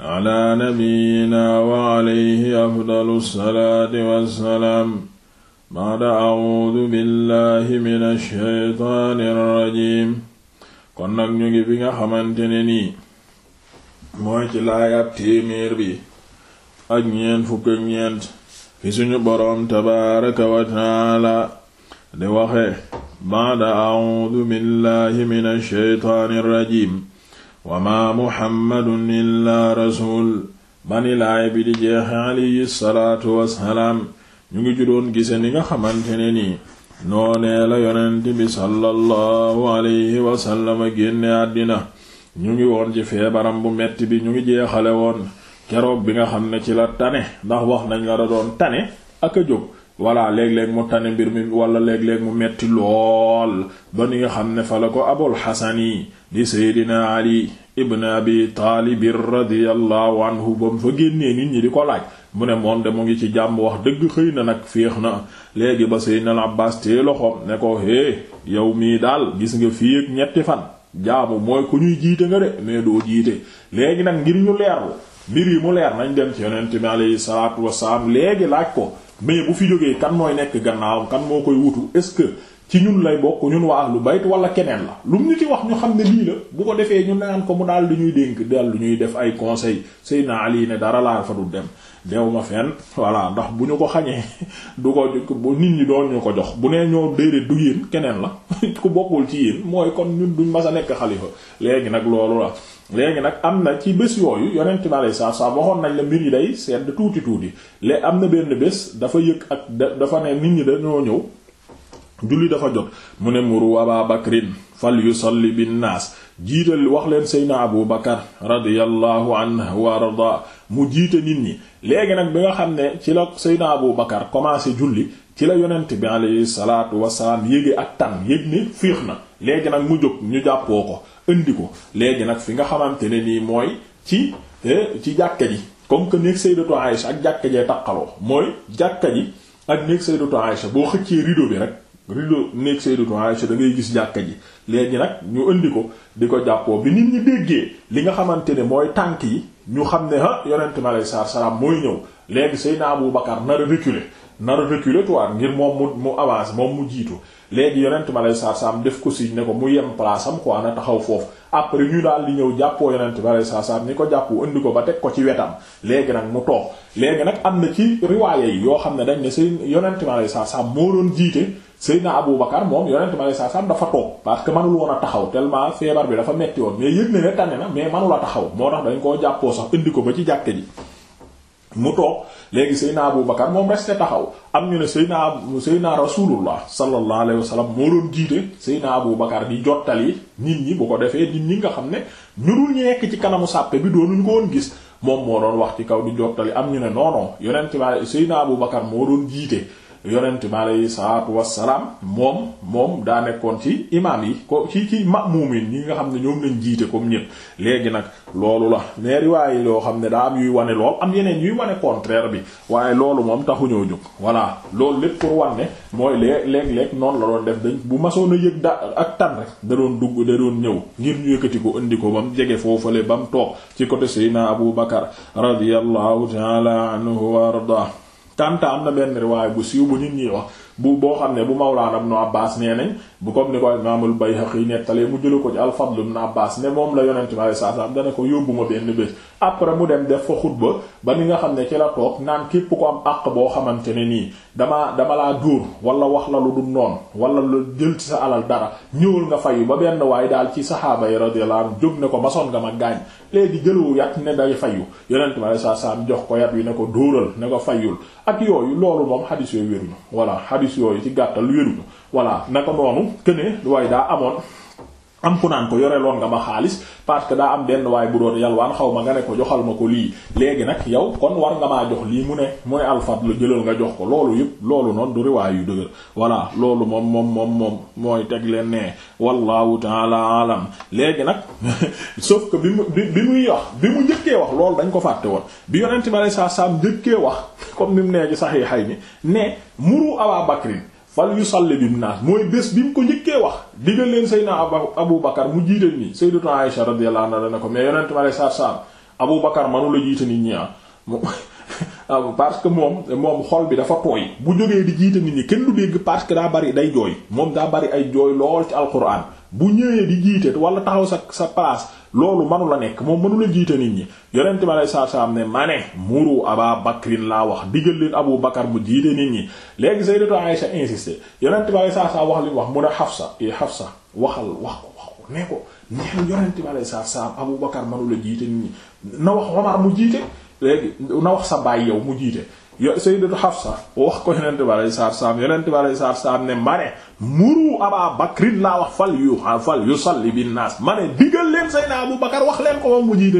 ala nabiyyina wa alayhi afdalu salaati wassalaam baada awudu billahi min ashaytaani rajim kon nag ñu ngi bi nga xamante ne nii mooy ci laayab téeméer bi ak ñeent fukk ak ñeent fi tabaaraka wa taala di waxe baada awudu billahi min ashaytaani rajim wa ma muhammadun illaa rasul bani laay bi di jeexe alayhi salaatu wassalaam ñu ngi judoon gise ni nga xamante ne nii noonee la yonent bi sallallahu alayhi wasallama génne àddina ñu ngi woon ci feebaram bu metti bi ñu ngi jeexale woon keroog bi nga xam ne ci la tane ndax wax nañ la da doon tane ak a jóg voilà léeg-léeg mu tane mbir mi wala léeg-léeg mu metti lool ba ni nga xam ne fa la ko abul xasan yi di seydina ali ibn abi taalib radiyallahu anhu ba mu fa génnee nit ñi di ko laaj mu ne moom de mu ngi ci jàmm wax dëgg xëy na nag féex na léegi ba seydina al abbas tee loxoom ne ko hé yow mii daal gis nga fii ak ñetti fan jaamu mooy ku ñuy jiite nga de mais doo jiite léegi nag ngir ñu leerlu mbir yi mu leer nañ dem ci yonent bi alayhi salaatu wassalaam léegi laaj ko mais bu fi jógee kan mooy nekk gannaawam kan moo koy wutu est-ce que ci ñun lay bokk ñun waa lu bayt wala keneen la lu ñu ci wax ñu xam ne lii la bu ko defee ñu naan ko mu daal di ñuy dénk daal lu ñuy def ay conseil Seydina Ali ne dara laa fa du dem dew ma fenn voilà ndax bu ñu ko xañee du ko bu nit ñi doon ñu ko jox bu nee ñoo déedéet du yéen keneen la ku bokkul ci yéen mooy kon ñun duñ mas a nekk xalifa léegi nag loolu la léegi nag am na ci bés yooyu yonent bi alayhi saa salaam waxoon nañ la mbir yi day sedd tuuti tuuti le am na benn bés dafa yëkk ak dafa ne nit ñi dañoo ñëw julli dafa jot mu ne muru Abaa Bakrin fal yusalli binnaas jiital wax leen Seydina Abu Bakar radiyallahu anhu wa arda mu jiite nit ñi léegi nag bi nga xam ne ci la Seydina Abu Bakar commencé julli ci la yonent bi alayhi salaatu wasalaam yéege ak tan yéeg ni féex na léegi nag mu jóg ñu jàppoo ko indi ko léegi nag fi nga xamante ne nii mooy ci eh, ci jàkka ji comme que néeg Sayyidatu Aïsha ak jàkka jee taqaloo mooy jàkka ji ak néeg Sayyidatu Aïsha boo xëccee rideau bi rek rideau néeg Sayyidatu Aïsha da ngay gis jàkka ji léegi nag ñu indi ko di ko jàppoo bi nit ñi déggee li nga xamante ne mooy tànk yi ñu xam ne ah yonent bi alayhi salaatu wasalaam mooy ñëw léegi Sayyidna Abu Bakar nar nar a reculer tuwaat ngir moom mu mu avance moom mu jiitu léegi yonent ma lay saar saam def ko signe ne ko mu yem place am quoi na taxaw foofu après ñu daal li ñëw jàppoo yonent ma lay saar saam ko jàppoo indi ko ba teg ko ci wetam léegi nag mu toog léegi nag am na ci riwaaya yi yoo xam ne dañ ne seen yonent ma lay saar saam moo doon jiite Seydina Abu Bakar moom yonent ma lay saar saam dafa toog parce que mënul woon a taxaw tellement feebar bi dafa metti woon mais yëg na ne tane na mais mënul a taxaw moo tax dañ koo jàppoo sax indi ko ba ci jàkke ji mu toog léegi naa bu Bakar moom resté taxaw am ñu ne Seydina Seydina Rasulullah sallallahu alayhi wa sallam moo doon jiite Seydina bu Bakar di jottali nit ñi bu ko defee nit ñi nga xam ne ñu dul ñu nekk ci kanamu sàppe bi doo doonuñ ko woon gis moom moo doon wax ci kaw di jottali am ñu ne non non yonent bi Seydina bu Bakar moo doon jiite. yonent bi aleyhi salaatu wassalaam moom moom daa nekkoon ci imaam yi ko ci ci ma'muumin ñi nga xam ne ñoom lañ jiite comme ñëpp léegi nag loolu la mais riwaay yi yoo xam ne daa am yuy wane lool am yeneen yuy wane contraire bi waaye loolu moom taxuñoo jóg voilà loolu lépp pour wane mooy léeg-léeg noonu la doon def dañ bu masoon a yëg da ak tan rek da doon dugg da doon ñëw ngir ñu yëkkati ko indi ko ba mu jege foofale ba mu toog ci côté Seydina Abu Bakar radiyallahu ta'ala anhu wa arda tànta am na benn riwaay bu siiw bu nit ñi wax bu boo xam ne bu maw laa Mawlaana Ibnu Abbaas nee nañ bu comme ni ko bay Bayhaqi nettalee mu jëla ko ci al-Fadl ibn Abbas ne moom la yonent bi alei sat selaam dana ko yóbbu ma benn bés après mu dem def fa xutba ba ni nga xam ne ci la toog naan képp ko am àq boo xamante ne nii dama dama laa dóor wala wax la lu du noon wala lu jël ci sa alal dara ñëwal nga fayu ba benn waaye daal ci saxaaba yi radiyallahu anhu jóg ne ko masoon nga ma gaañ léegi jëlawu yat ne day fayu yonent bi alei sat jox ko yat wi ne ko dóoral ne ko fayul ak yooyu loolu moom xadis yooyu wéruñu voilà xadis yooyu ci gàttal wéruñu voilà naka noonu que ne waaye daa amoon. am ku naan ko yoreloon nga ma xaalis parce que daa am benn waay bu doon yalwaan xaw ma nga ne ko joxal ma ko lii léegi nag yow kon war nga maa jox lii mu ne mu ne alfadlu jëlal nga jox loolu yëpp loolu noonu du riwaay yu dëgër voilà loolu moom moom moom moom mooy teg leen ne wallahu taala alam léegi nag sauf ko bi mu bi muy wax bi mu njëkkee wax loolu dañ ko fàtte woon bi yonent bi alei saa salaam njëkkee wax comme ni mu nee ci xay ni ne muru Abaa Bakrin fal bi bin naas mooy bés bi mu ko njëkkee wax digal leen Seydina Abu Bakar mu jiite nii Sayyidatu Aisha a anha na ko mais yonent ma lay saar saar Abu Bakar manu la jiite nit ñi ah. ah parce que moom moom xol bi dafa tooy bu jógee di jiite nit ñi kenn du dégg parce que daa bari day jooy moom daa bari ay jooy lool ci alquran bu ñëwee di jiite wala taxaw sa sa place loolu mënu la nekk moom mënu la jiite nit ñi yonent bi alei saatu salaam ne ma ne muru aba bakrin laa wax digal leen abu bakar mu jiite nit ñi léegi sayyidatu Aisha insisté yonent bi alei saatu salaam wax li mu wax mu ne Hafsa i Hafsa waxal wax ko wax ko ne ko neen yonent bi alei saatu abu bakar mënu jiite nit ñi na wax Omar mu jiite léegi na wax sa baay yow mu jiite yo sayyidatu Hafsa wax ko yonente bi alayhi salaatu salaam yonente bi alayhi salaatu salaam ne ma ne muru Abaa Bakrin laa wax fal yu fal yusalli bin naas ma ne digal leen Seydina Abu Bakar wax leen ko moom mu jiite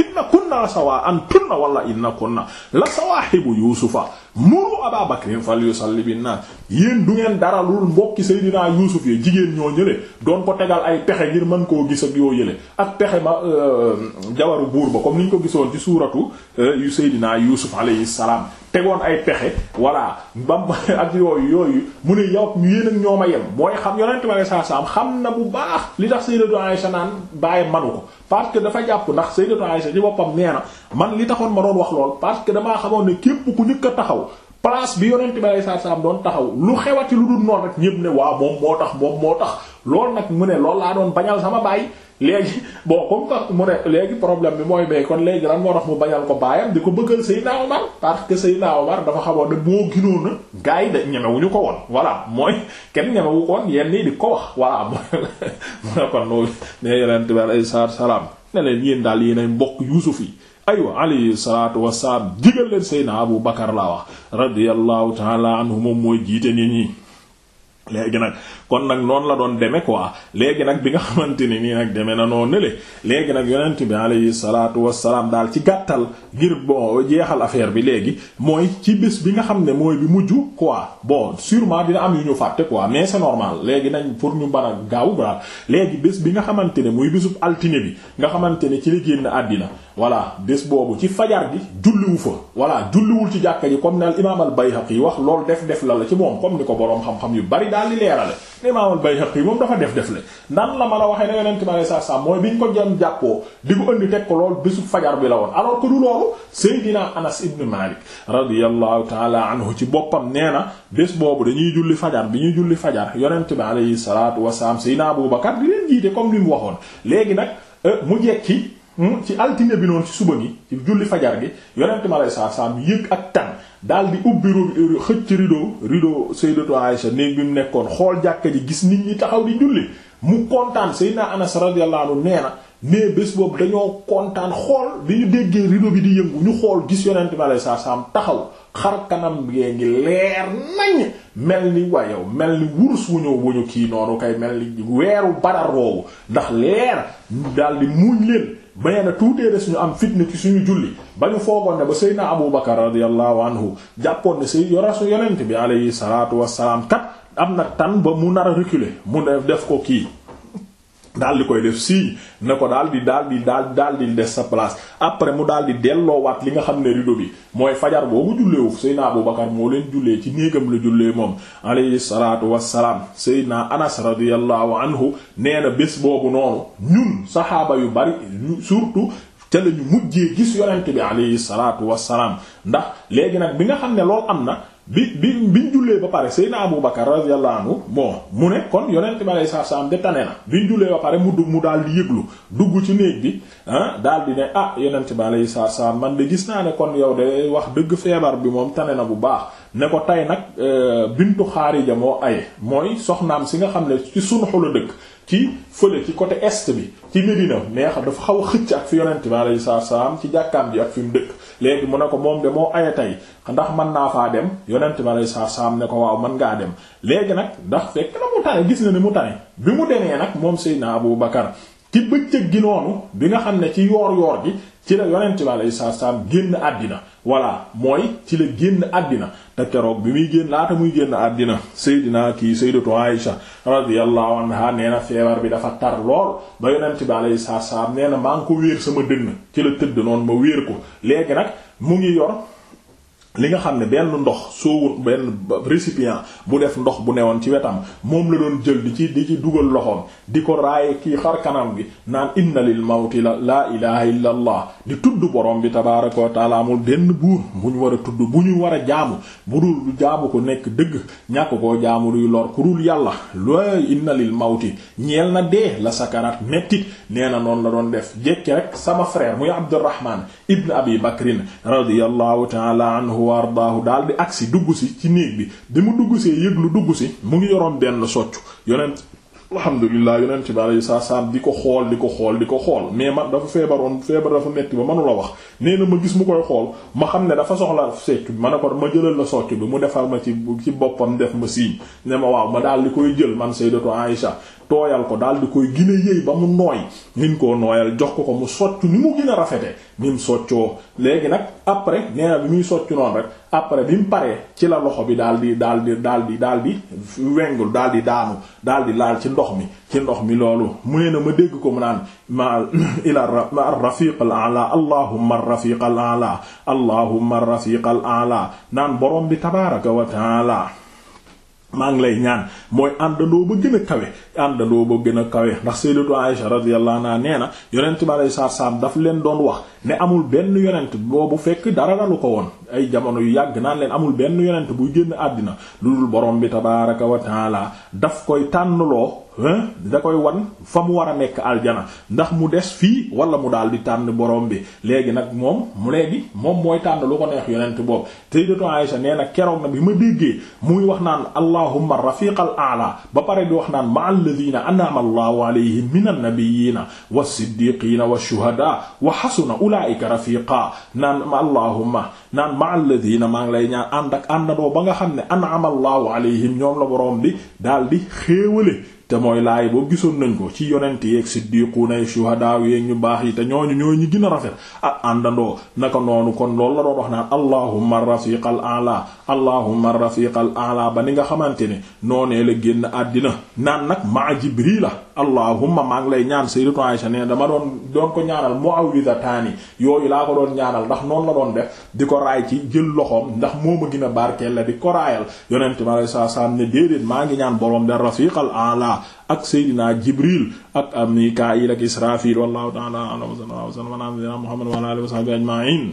inna kunna la sawaa'an tunna wala inna kunna la sawaahibu Yuusufa muru Abaa Bakrin fal yusalli bin naas yéen du ngeen dara lu mbokki Seydina Yuusuf yi jigéen ñoo ñële doon ko tegal ay pexe ngir mën koo gis ak yoo ak pexe ma euh, jawaru buur ba comme ko gisoon ci suuratu euh, yu Seydina Yuusuf alayhi salaam tegoon ay pexe voilà bam ak yooyu yooyu mu ne yow yéen ak ñoo ma yem mooy xam yonent ma saa am xam na bu baax li tax Sayyidatu Aysa naan bàyyi manu ko parce que dafa jàpp ndax Sayyidatu Aisha ci boppam nee na man li taxoon ma doon wax lool parce que damaa xamoon ne képp ku njëkk a taxaw place bi yonent bi alayhi salaatu salaam doon taxaw lu xewati lu dul noonu rek ñépp ne waaw moom moo tax moom moo tax lool nag mu ne loolu laa doon bañal sama baay léegi boo comme que mu ne léegi problème bi mooy mais kon léegi lan moo mu bañal ko baayam di ko bëggal Seydina Omar parce que Seydina Omar dafa xamoon ne boo ginoon na gars yi da ñemewuñu ko woon voilà mooy kenn ñemewu ko woon yenn nii di ko wax voilà mooy mu ne kon loolu ne yonent bi salaam ne leen yéen daal yéenay mbokk Yuusuf yi aywa alayhi salaatu wasalaam digal leen Seydina Abu Bakar laa wax radiyallahu taala anhu moom mooy jiite nit ñi léegi nag kon nag noonu la doon demee quoi léegi nag bi nga xamante ne nii nag demee na noo nele léegi nag yonent bi alayhi salaatu wasalaam daal ci gàttal ngir boo jeexal affaire bi léegi mooy ci bés bi nga xam ne mooy bi mujj quoi bon sûrement dina am yu ñu fàtte quoi mais c'est léegi nañ pour ñu mën a gaaw daal léegi bés bi nga xamante ne muy bésub altine bi nga xamante ne ci la génn àddina voilà bés boobu ci fajar gi julliwu fa voilà julliwul ci jàkka ji comme ne al imaam al yi wax loolu def def la la ci moom comme ni ko boroom xam-xam yu bari daal di leerale ne imaam yi moom dafa def def la ndax la mën a waxee ne yonent ma lay sa mooy bi ñu ko jëm jàkkoo di ko andi teg ko lool bésu fajar bi la woon alors que du loolu Seydina Anas ibn Malik radiyallahu taala anhu ci boppam nee na bés boobu dañuy julli fajar bi ñuy julli fajar yonent bi alayhi salaatu wasalaam Seydina Abu Bakar di leen jiite comme li mu waxoon léegi nag euh, mu jekki ci altine bi noonu ci suba gi ci julli fajar gi yonent mi alayhi salaatu salaam yëg ak tan daal di ubbi xëcc rideau rideau sayyidatu Aisha néeg bi mu nekkoon xool jàkka ji gis nit ñi taxaw di julli mu kontaan Seydina Anas radiyallahu anhu nee na mais bés boobu dañoo kontaan xool bi ñu déggee rideau bi di yëngu ñu xool gis yonent mi alayhi salaatu salaam taxaw xar kanam gee ngi leer nañ mel ni waa yow mel ni wurs wu ñëw wu ñu kii noonu kay mel ni weeru Badar woowu ndax leer daal di muñ leen. nee na tuutee des ñu am fitne ci suñu julli ba ñu foogoon ne ba Seydina Abu Bakar radiyallahu anhu jàppoon ne Seydina yorasu yonent bi alayhi salaatu salaam kat am na tan ba mu nar a reculer mu def ko kii. daal di koy def signe ne ko daal di daal di daal daal di des sa place après mu daal di delloowaat li nga xam ne rido bi mooy fajar boobu julleewu Seydina Abu Bakar moo leen jullee ci néegam la jullee moom alayhi salaatu salaam Seydina Anas radiyallahu anhu nee na bés boobu noonu ñun saxaaba yu bari surtout ca la ñu mujjee gis yonent bi alayhi salaatu wa wassalaam ndax léegi nag bi nga xam ne lool am na bi bi biñ jullee ba pare naa Abu Bakar radiyallahu anhu bon mu ne kon yonent bi alayhi salaam de tane na biñ jullee ba pare mu dugg mu daal di yëglu dugg ci néeg bi ah daal di ne ah yonent bi alayhi salaam man de gis naa ne kon yow de wax dëgg feebar bi moom tane na bu baax ne ko tey nag euh, bintu Xaarija moo aye mooy soxnaam si nga xam ne ci sunxu la dëkk ci fële ci côté est bi ci Medina neex dafa xaw a xëcc ak fi yonent bi alayhi salaam ci jàkkaam ji ak fi mu dëkk. léegi mu ne ko moom de moo aye tey ndax man naa faa dem yonent ma lay saa saam ne ko waaw man ngaa dem léegi nag ndax fekk na mu tane gis na ni mu tane bi mu demee nag moom naa Abu Bakar ti bëccëg gi noonu bi nga xam ne ci yoor yoor gi ci la yonent bi alayhi salaatu salaam génn àddina voilà mooy ci la génn àddina te keroog bi muy génn laata muy génn àddina Seydina kii Sayyidatu Aïsha radiyallahu anha nee na feebar bi dafa tar lool ba yonent bi alayhi salaatu salaam nee na maa ngi ko wéer sama dënn ci la tëdd noonu ma wér ko léegi nag mu ngi yor. li nga xam ne benn ndox soowu benn récipient bu def ndox bu newoon ci wetam moom la doon jël di ci di ci dugal loxoom di ko raay kii xar kanam gi naan inna lil mawti la laa ilaha illa allah di tudd borom bi tabaraka wa taala amul benn buur bu ñu war a tudd bu ñu war a jaamu bu dul ko nekk dëgg ñàkk koo jaamu luy lor ku dul yàlla looy inna lil mawti ñeel na dee la sakaraat mettit nee na noonu la doon def jekki rek sama frère muy abdurrahman ibn abi bakrin radiyallahu taala anhu anhu wa ardaahu daal di agsi dugg si ci néeg bi di mu dugg see yëg lu dugg si mu ngi yoroon benn soccu yonent alhamdulilah yonent yi saa saa di ko xool di ko xool di ko xool mais ma dafa feebaroon feebar dafa metti ba mënu la wax nee na ma gis mu koy xool ma xam ne dafa soxla secc bi ma ne ko ma jëlal la socc bi mu defal ma ci ci boppam def ma siim ne ma waaw ma daal di koy jël man sayyidatu Aisha tooyal ko daal di koy gën a ba mu nooy ngeen koo nooyal jox ko ko mu soccu ni mu gën a rafete ni mu soccoo léegi nag après nee na bi muy soccu noonu rek après bi mu paree ci la loxo bi daal di daal di daal di daal di wengul daal di daanu daal di laal ci ndox mi ci ndox mi loolu mu nee na ma dégg ko mu naan ma ila rafiq al ala allahumma rafiq al ala allahumma rafiq al naan borom bi tabaraka wa maa ngi lay ñaan mooy àndandoo ba gën a kawe àndandoo ba gën a kawe ndax sayyidatu Aisha radiyallahu anha nee na yonent bi alayhi salaam daf leen doon wax ne amul benn yonent boobu fekk dara dalu ko woon ay jamono yu yàgg naan leen amul benn yonent buy génn àddina lu dul borom bi tabaaraka wa taala daf koy tànnloo da koy wan fa mu war a nekk aljana ndax mu des fii wala mu daal di tànn borom bi léegi nag moom mu léegi moom mooy tànn lu ko neex yonent boobu Sayyidatu Aisha nee na keroog nag bi ma déggee muy wax naan allahumma rafiqal a'la ba pare di wax naan ma'al ladhina an'ama allahu alayhim minan nabiyina was-siddiqina wash-shuhada wa hasuna ulaika rafiqa naan allahumma naan ma alladina maa ngi lay ñaar ànd ak àndandoo ba nga xam ne an'ama allahu alayhim ñoom la boroom bi daal di xéewale te mooy laay boo gisoon nañ ko ci yonent yeeg siddiquuna ay shuhadaa yeeg ñu baax yi te ñooñu ñoo ñu gën a rafet ak ah, àndandoo naka noonu kon loolu la doon wax naan allahumma rafiqal a'la allahumma rafiqal a'la ba ni nga xamante ne noonee la génn àddina naan nag maa jibrila allahumma maa ngi lay ñaan sayyidatu Aisha ne dama doon doon ko ñaanal mu'awwidataani yooyu laa ko doon ñaanal ndax noonu la doon def di ko raay ci jël loxoom ndax mooma gën a barkeel la di ko raayal yonente mi alei saa salaam ne déedéet maa ngi ñaan borom da rafiqal a'la ak seydina jibril ak am mikaayil ak israfil wallahu ta'ala a'lam wa sallallahu alayhi wa sallam ala muhammad wa ala